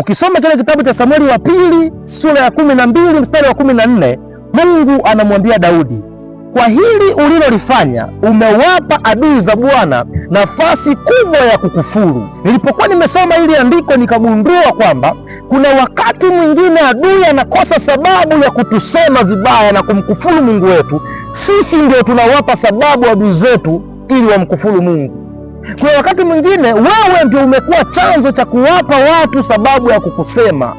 Ukisoma kile kitabu cha Samueli wa pili sura ya kumi na mbili mstari wa kumi na nne Mungu anamwambia Daudi, kwa hili ulilolifanya umewapa adui za Bwana nafasi kubwa ya kukufuru. Nilipokuwa nimesoma hili andiko, nikagundua kwamba kuna wakati mwingine adui anakosa sababu ya kutusema vibaya na kumkufuru Mungu wetu, sisi ndio tunawapa sababu adui zetu ili wamkufuru Mungu. Kwa wakati mwingine wewe ndio umekuwa chanzo cha kuwapa watu sababu ya kukusema.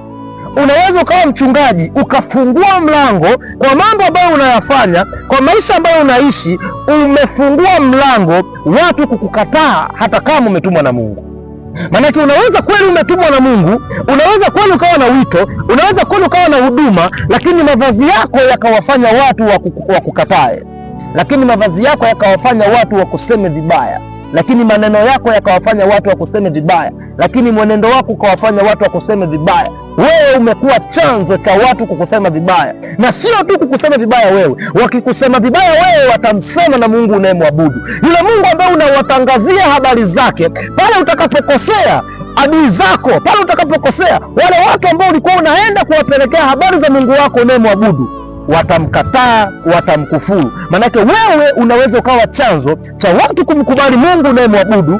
Unaweza ukawa mchungaji ukafungua mlango kwa mambo ambayo unayafanya, kwa maisha ambayo unaishi, umefungua mlango watu kukukataa, hata kama umetumwa na Mungu. Maanake unaweza kweli umetumwa na Mungu, unaweza kweli ukawa na wito, unaweza kweli ukawa na huduma, lakini mavazi yako yakawafanya watu wakukatae, lakini mavazi yako yakawafanya watu wakuseme vibaya lakini maneno yako yakawafanya watu wakuseme vibaya, lakini mwenendo wako ukawafanya watu wakuseme vibaya. Wewe umekuwa chanzo cha watu kukusema vibaya, na sio tu kukusema vibaya wewe, wakikusema vibaya wewe watamsema na Mungu unayemwabudu, yule Mungu ambaye unawatangazia habari zake. Pale utakapokosea adui zako, pale utakapokosea wale watu ambao ulikuwa unaenda kuwapelekea habari za Mungu wako unayemwabudu watamkataa, watamkufuru. Maanake wewe unaweza ukawa chanzo cha watu kumkubali Mungu unayemwabudu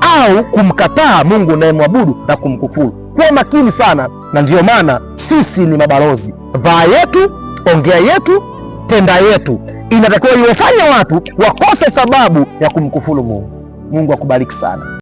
au kumkataa Mungu unayemwabudu na kumkufuru. Kuwa makini sana, na ndiyo maana sisi ni mabalozi. Vaa yetu, ongea yetu, tenda yetu inatakiwa iwafanya watu wakose sababu ya kumkufuru Mungu. Mungu akubariki sana.